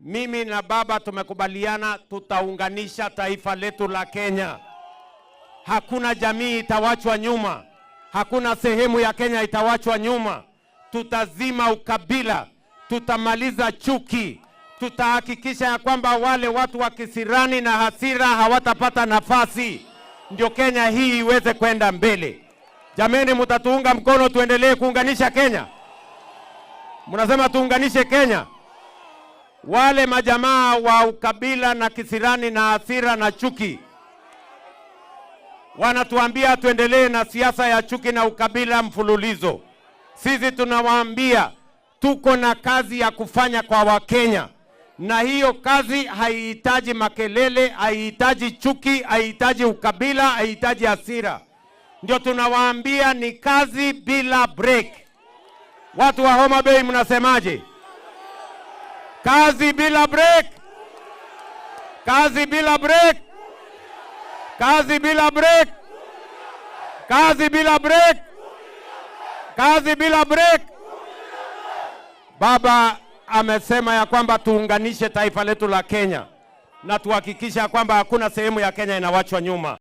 mimi na baba tumekubaliana tutaunganisha taifa letu la Kenya. Hakuna jamii itawachwa nyuma, hakuna sehemu ya Kenya itawachwa nyuma. Tutazima ukabila, tutamaliza chuki, tutahakikisha ya kwamba wale watu wa kisirani na hasira hawatapata nafasi, ndio Kenya hii iweze kwenda mbele. Jameni, mutatuunga mkono, tuendelee kuunganisha Kenya. Mnasema tuunganishe Kenya wale majamaa wa ukabila na kisirani na hasira na chuki wanatuambia tuendelee na siasa ya chuki na ukabila mfululizo. Sisi tunawaambia tuko na kazi ya kufanya kwa Wakenya, na hiyo kazi haihitaji makelele, haihitaji chuki, haihitaji ukabila, haihitaji hasira. Ndio tunawaambia ni kazi bila break. Watu wa Homa Bay mnasemaje? Kazi bila break, kazi bila break, kazi bila break, kazi bila break, kazi bila break. Baba amesema ya kwamba tuunganishe taifa letu la Kenya na tuhakikisha kwamba hakuna sehemu ya Kenya inawachwa nyuma.